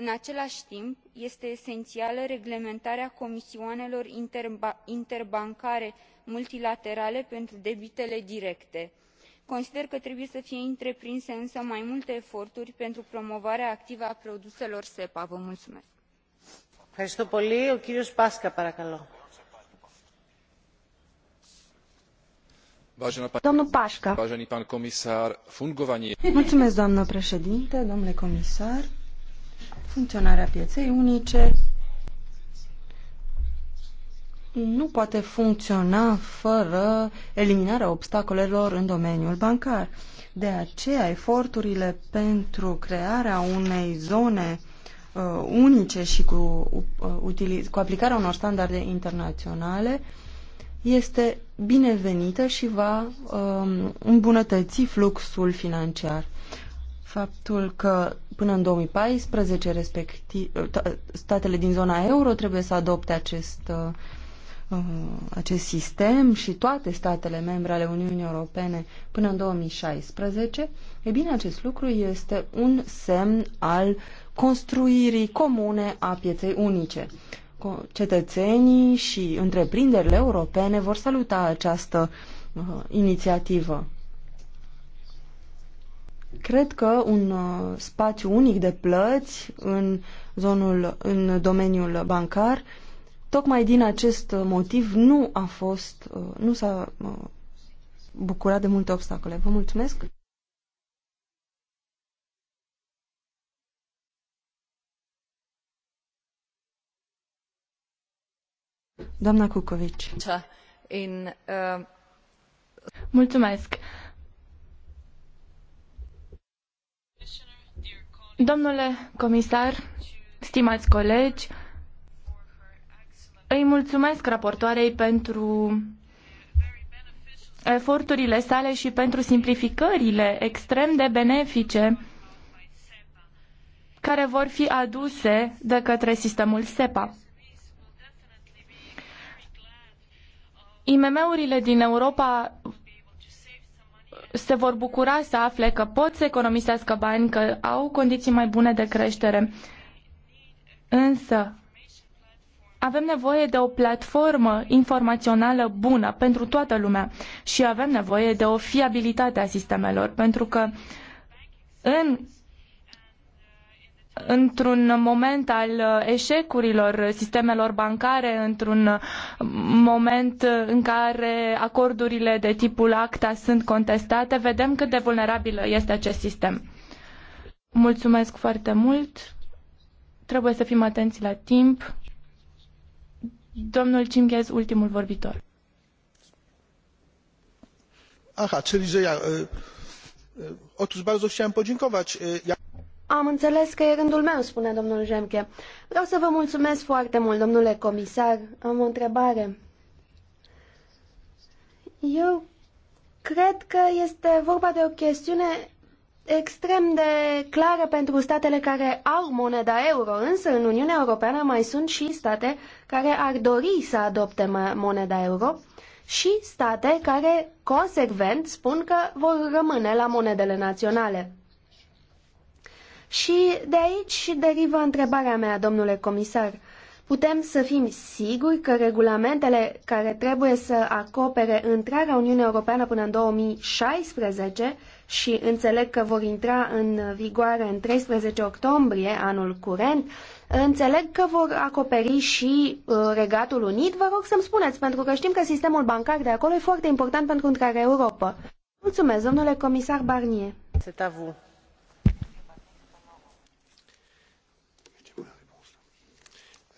în acelai timp este esenială reglementarea comisioanelor interbancare multilaterale pentru debitele directe. consider că trebuie să fie întreprinse însă mai multe eforturi pentru promovarea activă a produselor sepa. Funcționarea pieței unice nu poate funcționa fără eliminarea obstacolelor în domeniul bancar. De aceea, eforturile pentru crearea unei zone uh, unice și cu, uh, cu aplicarea unor standarde internaționale este binevenită și va uh, îmbunătăți fluxul financiar. Faptul că până în 2014, respectiv, ă, statele din zona euro trebuie să adopte acest, ă, ă, acest sistem și toate statele membre ale Uniunii Europene până în 2016, e bine, acest lucru este un semn al construirii comune a pieței unice. Cetățenii și întreprinderile europene vor saluta această inițiativă. Cred că un uh, spațiu unic de plăți în, zonul, în domeniul bancar, tocmai din acest motiv, nu a fost, uh, nu s-a uh, bucurat de multe obstacole. Vă mulțumesc! Doamna Cucovici. Mulțumesc. Domnule comisar, stimați colegi, îi mulțumesc raportoarei pentru eforturile sale și pentru simplificările extrem de benefice care vor fi aduse de către sistemul SEPA. IMM-urile din Europa se vor bucura să afle că pot să economisească bani, că au condiții mai bune de creștere. Însă, avem nevoie de o platformă informațională bună pentru toată lumea și avem nevoie de o fiabilitate a sistemelor, pentru că în într-un moment al uh, eșecurilor sistemelor bancare, într-un uh, moment uh, în care acordurile de tipul ACTA sunt contestate, vedem cât de vulnerabil este acest sistem. Mulțumesc foarte mult. Trebuie să fim atenți la timp. Domnul Cinghez, ultimul vorbitor. Aha, czyli że ja... Otóż bardzo chciałem podziękować. Ja... Am înțeles că e rândul meu, spune domnul Jemche. Vreau să vă mulțumesc foarte mult, domnule comisar. Am o întrebare. Eu cred că este vorba de o chestiune extrem de clară pentru statele care au moneda euro, însă în Uniunea Europeană mai sunt și state care ar dori să adopte moneda euro și state care consecvent spun că vor rămâne la monedele naționale. Și de aici derivă întrebarea mea, domnule comisar. Putem să fim siguri că regulamentele care trebuie să acopere întreaga Uniune Europeană până în 2016 și înțeleg că vor intra în vigoare în 13 octombrie anul curent, înțeleg că vor acoperi și uh, Regatul Unit. Vă rog să-mi spuneți, pentru că știm că sistemul bancar de acolo e foarte important pentru întreaga Europa. Mulțumesc, domnule comisar Barnier. C'est à vous.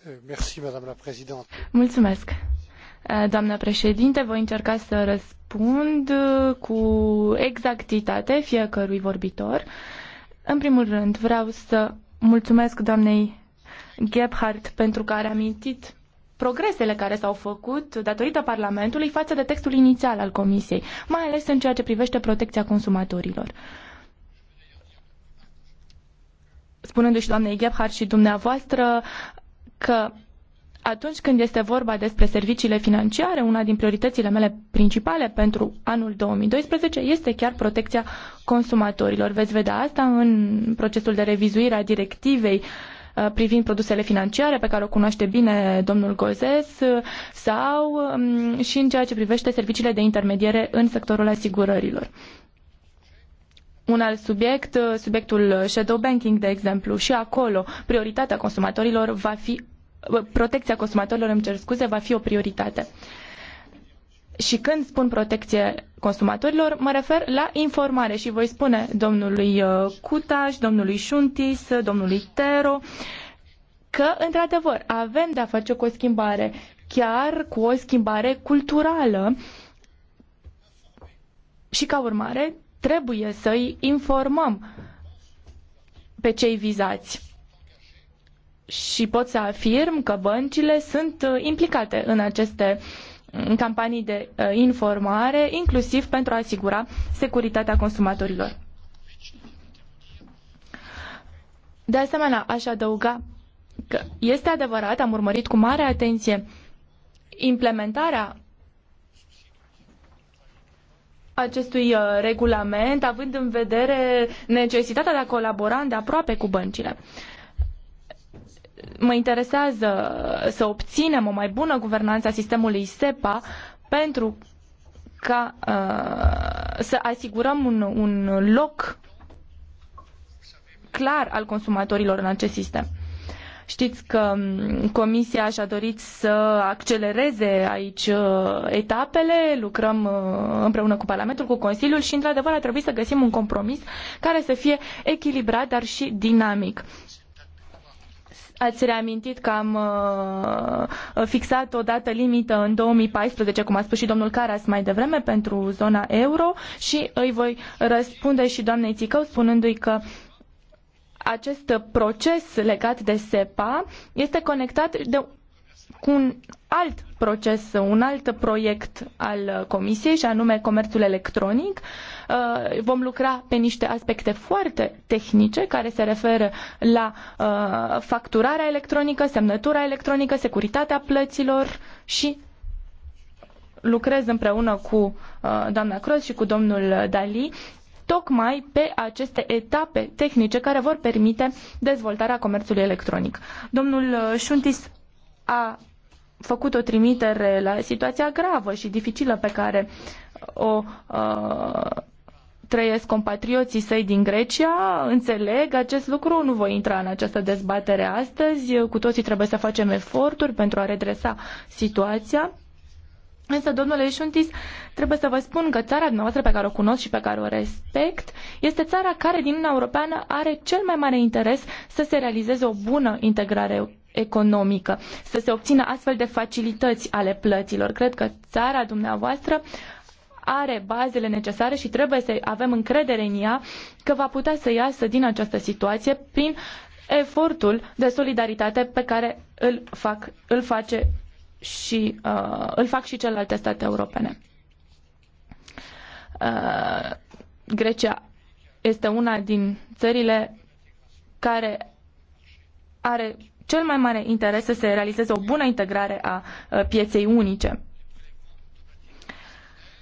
Euh, mulțumesc. Euh, doamnă președinte, voi încerca să răspund uh, cu exactitate fiecărui vorbitor. În primul rând, vreau să mulțumesc doamnei Gebhardt pentru că a reamintit progresele care s-au făcut datorită Parlamentului față de textul inițial al Comisiei, mai ales în ceea ce privește protecția consumatorilor. Spunându-și doamnei Gebhardt și dumneavoastră, că atunci când este vorba despre serviciile financiare, una din prioritățile mele principale pentru anul 2012 este chiar protecția consumatorilor. Veți vedea asta în procesul de revizuire a directivei uh, privind produsele financiare pe care o cunoaște bine domnul Gozes uh, sau um, și în ceea ce privește serviciile de intermediere în sectorul asigurărilor un alt subiect, uh, subiectul shadow banking, de exemplu, și acolo prioritatea consumatorilor va fi, uh, protecția consumatorilor, îmi cer scuze, va fi o prioritate. Și când spun protecție consumatorilor, mă refer la informare și voi spune domnului uh, Cutaș, domnului Șuntis, domnului Tero, că, într-adevăr, avem de-a face cu o schimbare, chiar cu o schimbare culturală și, ca urmare, trebuie să-i informăm pe cei vizați. Și pot să afirm că băncile sunt uh, implicate în aceste campanii de uh, informare, inclusiv pentru a asigura securitatea consumatorilor. De asemenea, aș adăuga că este adevărat, am urmărit cu mare atenție implementarea acestui uh, regulament, având în vedere necesitatea de a colabora de aproape cu băncile. Mă interesează să obținem o mai bună guvernanță a sistemului SEPA pentru ca uh, să asigurăm un, un loc clar al consumatorilor în acest sistem. Știți că mm, Comisia și-a dorit să accelereze aici uh, etapele, lucrăm uh, împreună cu Parlamentul, cu Consiliul și, într-adevăr, a trebuit să găsim un compromis care să fie echilibrat, dar și dinamic ați reamintit că am uh, fixat o dată limită în 2014, cum a spus și domnul Caras mai devreme, pentru zona euro și îi voi răspunde și doamnei Țicău spunându-i că acest proces legat de SEPA este conectat de cu un alt proces, un alt proiect al Comisiei, și anume comerțul electronic. Uh, vom lucra pe niște aspecte foarte tehnice care se referă la uh, facturarea electronică, semnătura electronică, securitatea plăților și lucrez împreună cu uh, doamna Croz și cu domnul Dali tocmai pe aceste etape tehnice care vor permite dezvoltarea comerțului electronic. Domnul uh, Șuntis a făcut o trimitere la situația gravă și dificilă pe care uh, o uh, trăiesc compatrioții săi din Grecia, înțeleg acest lucru, nu voi intra în această dezbatere astăzi, cu toții trebuie să facem eforturi pentru a redresa situația Însă, domnule Șuntis, trebuie să vă spun că țara noastră pe care o cunosc și pe care o respect este țara care din Uniunea Europeană are cel mai mare interes să se realizeze o bună integrare economică, să se obțină astfel de facilități ale plăților. Cred că țara dumneavoastră are bazele necesare și trebuie să avem încredere în ea că va putea să iasă din această situație prin efortul de solidaritate pe care îl, fac, îl face și uh, îl fac și celelalte state europene. Uh, Grecia este una din țările care are cel mai mare interes să se realizeze o bună integrare a uh, pieței unice.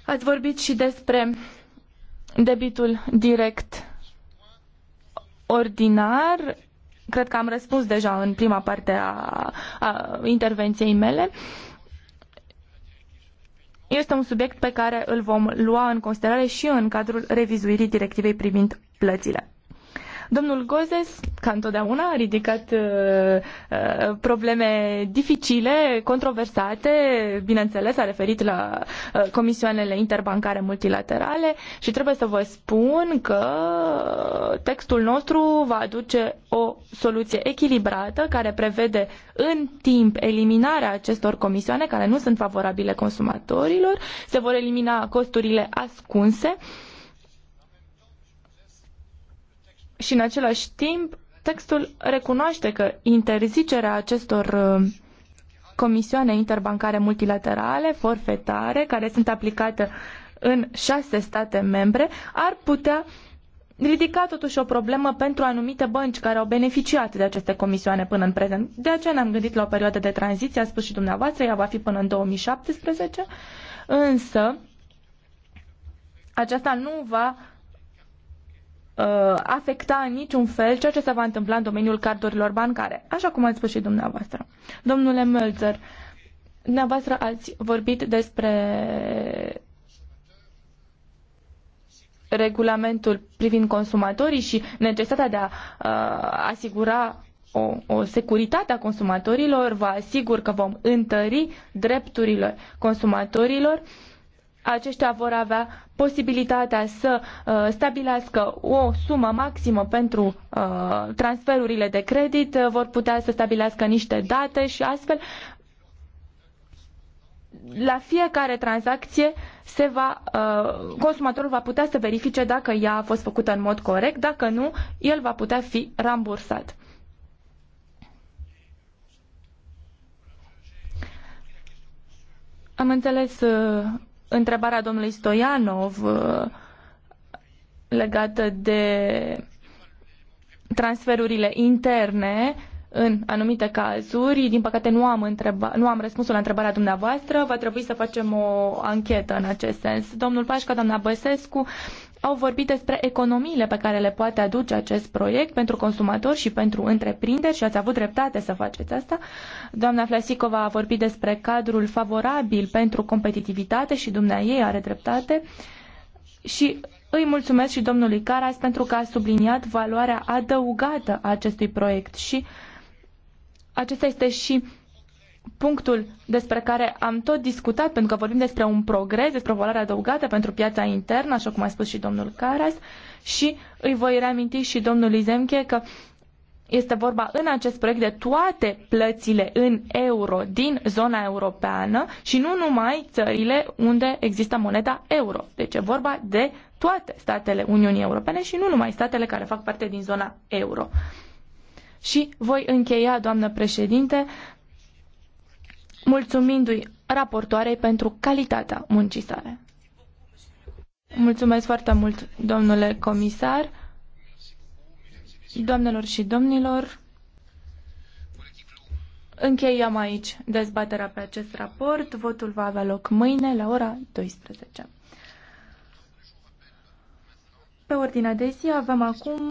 Ați vorbit și despre debitul direct ordinar Cred că am răspuns deja în prima parte a, a intervenției mele. Este un subiect pe care îl vom lua în considerare și în cadrul revizuirii directivei privind plățile. Domnul Gozes, ca întotdeauna, a ridicat uh, uh, probleme dificile, controversate, bineînțeles, a referit la uh, comisioanele interbancare multilaterale și trebuie să vă spun că textul nostru va aduce o soluție echilibrată care prevede în timp eliminarea acestor comisioane care nu sunt favorabile consumatorilor, se vor elimina costurile ascunse uh, și în același timp textul recunoaște că interzicerea acestor uh, comisioane interbancare multilaterale, forfetare, care sunt aplicate în șase state membre, ar putea ridica totuși o problemă pentru anumite bănci care au beneficiat de aceste comisioane până în prezent. De aceea ne-am gândit la o perioadă de tranziție, a spus și dumneavoastră, ea va fi până în 2017, însă aceasta nu va Uh, afecta în niciun fel ceea ce se va întâmpla în domeniul cardurilor bancare, așa cum ați spus și dumneavoastră. Domnule Mölzer, dumneavoastră ați vorbit despre regulamentul privind consumatorii și necesitatea de a uh, asigura o, o securitate a consumatorilor. Vă asigur că vom întări drepturile consumatorilor uh, aceștia vor avea posibilitatea să uh, stabilească o sumă maximă pentru uh, transferurile de credit, uh, vor putea să stabilească niște date și astfel la fiecare tranzacție se va, uh, consumatorul va putea să verifice dacă ea a fost făcută în mod corect, dacă nu, el va putea fi rambursat. Am înțeles uh, întrebarea domnului Stoianov uh, legată de transferurile interne în anumite cazuri. Din păcate nu am, întreba, nu am răspunsul la întrebarea dumneavoastră. Va trebui să facem o anchetă în acest sens. Domnul Pașca, doamna Băsescu au vorbit despre economiile pe care le poate aduce acest proiect pentru consumatori și pentru întreprinderi și ați avut dreptate să faceți asta. Doamna Flasicova a vorbit despre cadrul favorabil pentru competitivitate și dumnea ei are dreptate. Și îi mulțumesc și domnului Caras pentru că a subliniat valoarea adăugată a acestui proiect și acesta este și punctul despre care am tot discutat, pentru că vorbim despre un progres, despre o valoare adăugată pentru piața internă, așa cum a spus și domnul Caras, și îi voi reaminti și domnului Zemche că este vorba în acest proiect de toate plățile în euro din zona europeană și nu numai țările unde există moneda euro. Deci e vorba de toate statele Uniunii Europene și nu numai statele care fac parte din zona euro. Și voi încheia, doamnă președinte, mulțumindu-i raportoarei pentru calitatea muncii sale. Mulțumesc foarte mult, domnule comisar, doamnelor și domnilor. Încheiem aici dezbaterea pe acest raport. Votul va avea loc mâine la ora 12. Pe ordinea de zi avem acum